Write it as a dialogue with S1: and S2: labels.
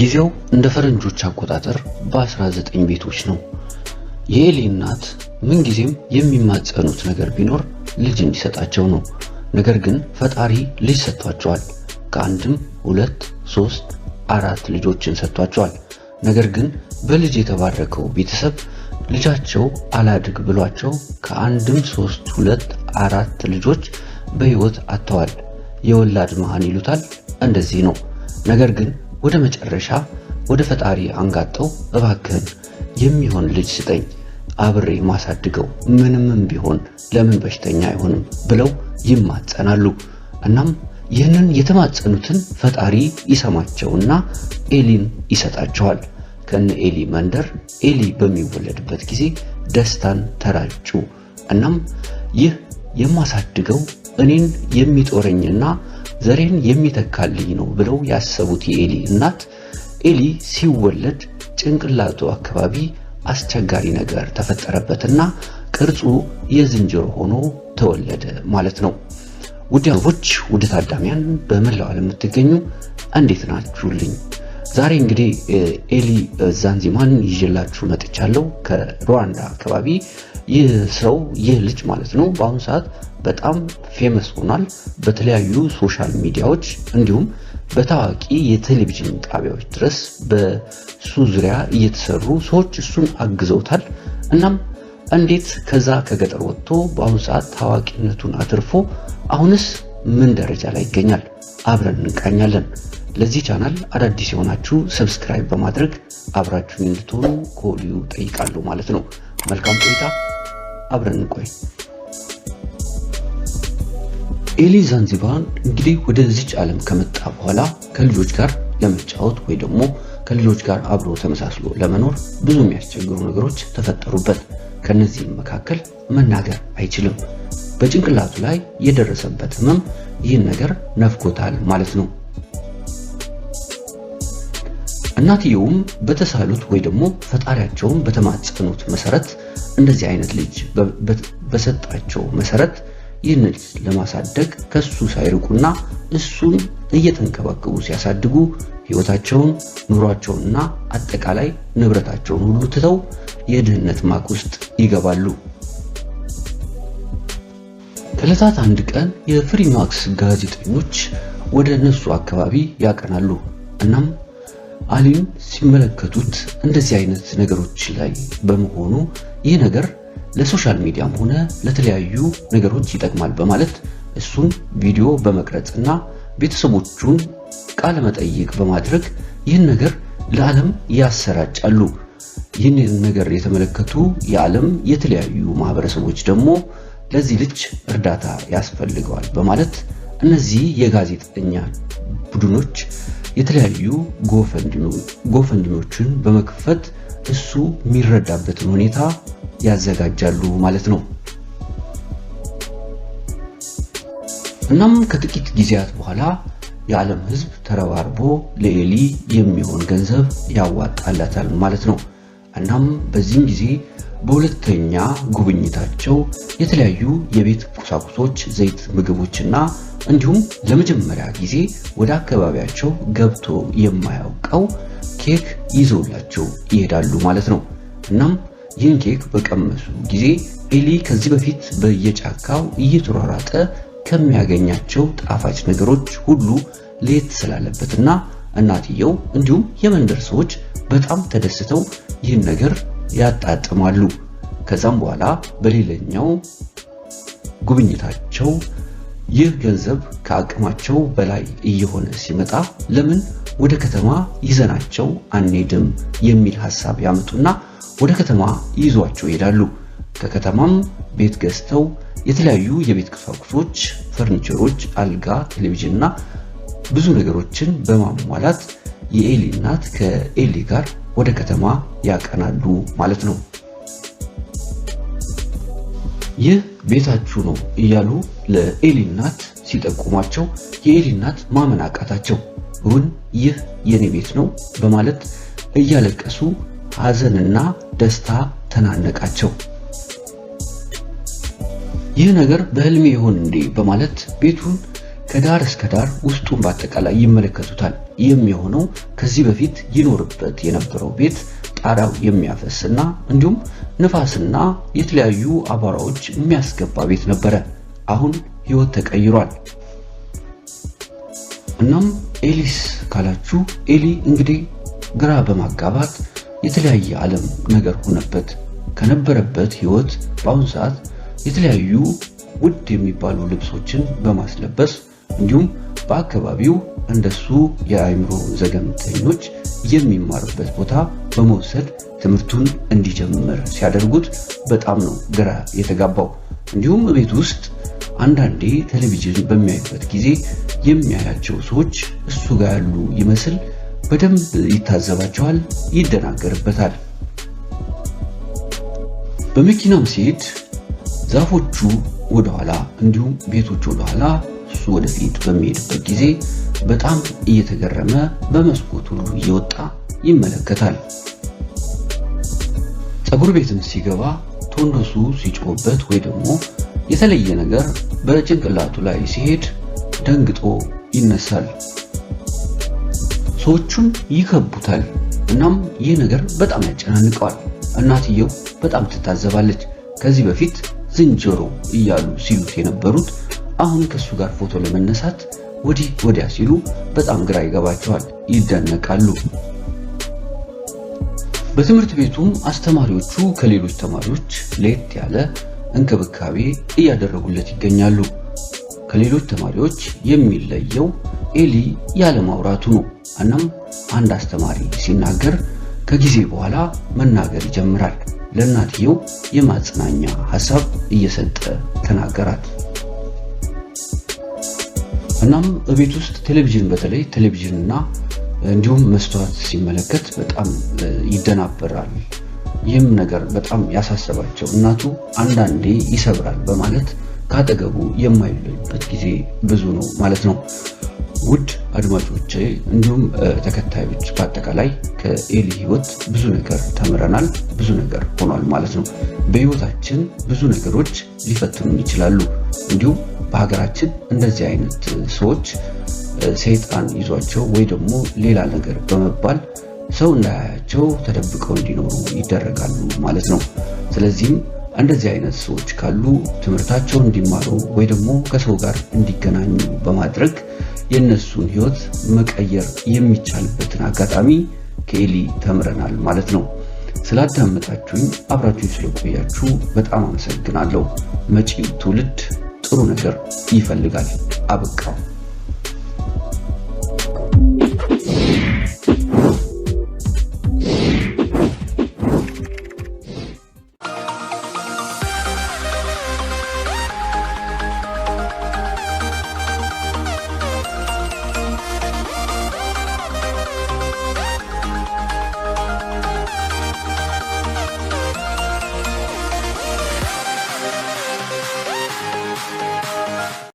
S1: ጊዜው እንደ ፈረንጆች አቆጣጠር በ19 ቤቶች ነው። የኤሊ እናት ምንጊዜም የሚማጸኑት ነገር ቢኖር ልጅ እንዲሰጣቸው ነው። ነገር ግን ፈጣሪ ልጅ ሰጥቷቸዋል። ከአንድም ሁለት ሶስት አራት ልጆችን ሰጥቷቸዋል። ነገር ግን በልጅ የተባረከው ቤተሰብ ልጃቸው አላድግ ብሏቸው ከአንድም ሶስት ሁለት አራት ልጆች በህይወት አጥተዋል። የወላድ መሃን ይሉታል። እንደዚህ ነው። ነገር ግን ወደ መጨረሻ ወደ ፈጣሪ አንጋጠው እባክህን የሚሆን ልጅ ስጠኝ አብሬ ማሳድገው ምንምም ቢሆን ለምን በሽተኛ አይሆንም ብለው ይማጸናሉ። እናም ይህንን የተማጸኑትን ፈጣሪ ይሰማቸውና ኤሊን ይሰጣቸዋል። ከነ ኤሊ መንደር ኤሊ በሚወለድበት ጊዜ ደስታን ተራጩ። እናም ይህ የማሳድገው እኔን የሚጦረኝና ዘሬን የሚተካልኝ ነው ብለው ያሰቡት የኤሊ እናት ኤሊ ሲወለድ ጭንቅላቱ አካባቢ አስቸጋሪ ነገር ተፈጠረበትና ቅርጹ የዝንጀሮ ሆኖ ተወለደ ማለት ነው። ውድ አበቦች፣ ውድ ታዳሚያን በመላው ዓለም የምትገኙ እንዴት ናችሁልኝ? ዛሬ እንግዲህ ኤሊ ዛንዚማን ይዤላችሁ መጥቻለሁ። ከሩዋንዳ አካባቢ ይህ ሰው ይህ ልጅ ማለት ነው በአሁኑ ሰዓት በጣም ፌመስ ሆኗል። በተለያዩ ሶሻል ሚዲያዎች እንዲሁም በታዋቂ የቴሌቪዥን ጣቢያዎች ድረስ በሱ ዙሪያ እየተሰሩ ሰዎች እሱን አግዘውታል። እናም እንዴት ከዛ ከገጠር ወጥቶ በአሁኑ ሰዓት ታዋቂነቱን አትርፎ አሁንስ ምን ደረጃ ላይ ይገኛል? አብረን እንቃኛለን። ለዚህ ቻናል አዳዲስ የሆናችሁ ሰብስክራይብ በማድረግ አብራችሁ እንድትሆኑ ከወዲሁ ጠይቃለሁ ማለት ነው። መልካም ቆይታ፣ አብረን ቆይ ኤሊ ዛንዚባር እንግዲህ ወደዚች ዓለም ከመጣ በኋላ ከልጆች ጋር ለመጫወት ወይ ደግሞ ከልጆች ጋር አብሮ ተመሳስሎ ለመኖር ብዙ የሚያስቸግሩ ነገሮች ተፈጠሩበት። ከነዚህም መካከል መናገር አይችልም። በጭንቅላቱ ላይ የደረሰበት ህመም ይህን ነገር ነፍጎታል ማለት ነው። እናትየውም በተሳሉት ወይ ደግሞ ፈጣሪያቸውን በተማጸኑት መሰረት እንደዚህ አይነት ልጅ በሰጣቸው መሰረት ይህን ልጅ ለማሳደግ ከሱ ሳይርቁና እሱን እየተንከባከቡ ሲያሳድጉ ህይወታቸውን፣ ኑሯቸውንና አጠቃላይ ንብረታቸውን ሁሉ ትተው የድህነት ማቅ ውስጥ ይገባሉ። ከለታት አንድ ቀን የፍሪማክስ ጋዜጠኞች ወደ እነሱ አካባቢ ያቀናሉ እናም አሊን ሲመለከቱት እንደዚህ አይነት ነገሮች ላይ በመሆኑ ይህ ነገር ለሶሻል ሚዲያም ሆነ ለተለያዩ ነገሮች ይጠቅማል በማለት እሱን ቪዲዮ በመቅረጽ እና ቤተሰቦቹን ቃለ መጠይቅ በማድረግ ይህን ነገር ለዓለም ያሰራጫሉ። ይህን ነገር የተመለከቱ የዓለም የተለያዩ ማህበረሰቦች ደግሞ ለዚህ ልጅ እርዳታ ያስፈልገዋል በማለት እነዚህ የጋዜጠኛ ቡድኖች የተለያዩ ጎፈንድኖችን በመክፈት እሱ የሚረዳበትን ሁኔታ ያዘጋጃሉ ማለት ነው። እናም ከጥቂት ጊዜያት በኋላ የዓለም ህዝብ ተረባርቦ ለኤሊ የሚሆን ገንዘብ ያዋጣላታል ማለት ነው። እናም በዚህም ጊዜ በሁለተኛ ጉብኝታቸው የተለያዩ የቤት ቁሳቁሶች፣ ዘይት፣ ምግቦችና እንዲሁም ለመጀመሪያ ጊዜ ወደ አካባቢያቸው ገብቶ የማያውቀው ኬክ ይዘውላቸው ይሄዳሉ ማለት ነው። እናም ይህን ኬክ በቀመሱ ጊዜ ኤሊ ከዚህ በፊት በየጫካው እየተሯሯጠ ከሚያገኛቸው ጣፋጭ ነገሮች ሁሉ ለየት ስላለበትና እናትየው እንዲሁም የመንደር ሰዎች በጣም ተደስተው ይህን ነገር ያጣጥማሉ። ከዛም በኋላ በሌላኛው ጉብኝታቸው ይህ ገንዘብ ከአቅማቸው በላይ እየሆነ ሲመጣ ለምን ወደ ከተማ ይዘናቸው አንሄድም የሚል ሐሳብ ያመጡና ወደ ከተማ ይዟቸው ይሄዳሉ። ከከተማም ቤት ገዝተው የተለያዩ የቤት ቁሳቁሶች፣ ፈርኒቸሮች፣ አልጋ፣ ቴሌቪዥንና ብዙ ነገሮችን በማሟላት የኤሊ እናት ከኤሊ ጋር ወደ ከተማ ያቀናሉ ማለት ነው። ይህ ቤታችሁ ነው እያሉ ለኤሊናት ሲጠቁማቸው ሲጠቁሟቸው ማመን አቃታቸው። ሩን ይህ የኔ ቤት ነው በማለት እያለቀሱ ሀዘንና ደስታ ተናነቃቸው። ይህ ነገር በህልሜ ይሆን እንዴ በማለት ቤቱን ከዳር እስከ ዳር ውስጡን በአጠቃላይ ይመለከቱታል። ይህም የሆነው ከዚህ በፊት ይኖርበት የነበረው ቤት ጣራው የሚያፈስና እንዲሁም ንፋስና የተለያዩ አቧራዎች የሚያስገባ ቤት ነበረ። አሁን ህይወት ተቀይሯል። እናም ኤሊስ ካላችሁ ኤሊ እንግዲህ ግራ በማጋባት የተለያየ ዓለም ነገር ሆነበት። ከነበረበት ህይወት በአሁን ሰዓት የተለያዩ ውድ የሚባሉ ልብሶችን በማስለበስ እንዲሁም በአካባቢው እንደሱ የአእምሮ ዘገምተኞች የሚማሩበት ቦታ በመውሰድ ትምህርቱን እንዲጀምር ሲያደርጉት በጣም ነው ግራ የተጋባው። እንዲሁም ቤት ውስጥ አንዳንዴ ቴሌቪዥን በሚያዩበት ጊዜ የሚያያቸው ሰዎች እሱ ጋር ያሉ ይመስል በደንብ ይታዘባቸዋል፣ ይደናገርበታል። በመኪናም ሲሄድ ዛፎቹ ወደኋላ እንዲሁም ቤቶቹ ወደኋላ ወደፊት በሚሄድበት ጊዜ በጣም እየተገረመ በመስኮት ሁሉ እየወጣ ይመለከታል። ፀጉር ቤትም ሲገባ ቶንዶሱ ሲጮህበት ወይ ደግሞ የተለየ ነገር በጭንቅላቱ ላይ ሲሄድ ደንግጦ ይነሳል። ሰዎቹም ይከቡታል። እናም ይህ ነገር በጣም ያጨናንቀዋል። እናትየው በጣም ትታዘባለች። ከዚህ በፊት ዝንጀሮ እያሉ ሲሉት የነበሩት አሁን ከሱ ጋር ፎቶ ለመነሳት ወዲህ ወዲያ ሲሉ በጣም ግራ ይገባቸዋል፣ ይደነቃሉ። በትምህርት ቤቱም አስተማሪዎቹ ከሌሎች ተማሪዎች ለየት ያለ እንክብካቤ እያደረጉለት ይገኛሉ። ከሌሎች ተማሪዎች የሚለየው ኤሊ ያለ ማውራቱ ነው። እናም አንድ አስተማሪ ሲናገር ከጊዜ በኋላ መናገር ይጀምራል። ለእናትየው የማጽናኛ ሐሳብ እየሰጠ ተናገራት። እናም ቤት ውስጥ ቴሌቪዥን በተለይ ቴሌቪዥንና እንዲሁም መስተዋት ሲመለከት በጣም ይደናበራል። ይህም ነገር በጣም ያሳሰባቸው እናቱ አንዳንዴ ይሰብራል በማለት ከአጠገቡ የማይለዩበት ጊዜ ብዙ ነው ማለት ነው። ውድ አድማጮቼ እንዲሁም ተከታዮች በአጠቃላይ ከኤሊ ህይወት ብዙ ነገር ተምረናል፣ ብዙ ነገር ሆኗል ማለት ነው። በህይወታችን ብዙ ነገሮች ሊፈትኑን ይችላሉ። እንዲሁም በሀገራችን እንደዚህ አይነት ሰዎች ሰይጣን ይዟቸው ወይ ደግሞ ሌላ ነገር በመባል ሰው እንዳያያቸው ተደብቀው እንዲኖሩ ይደረጋሉ ማለት ነው። ስለዚህም እንደዚህ አይነት ሰዎች ካሉ ትምህርታቸውን እንዲማሩ ወይ ደግሞ ከሰው ጋር እንዲገናኙ በማድረግ የእነሱን ህይወት መቀየር የሚቻልበትን አጋጣሚ ከኤሊ ተምረናል ማለት ነው። ስላዳመጣችሁኝ አብራችሁኝ ስለቆያችሁ በጣም አመሰግናለሁ። መጪው ትውልድ ጥሩ ነገር ይፈልጋል። አበቃው።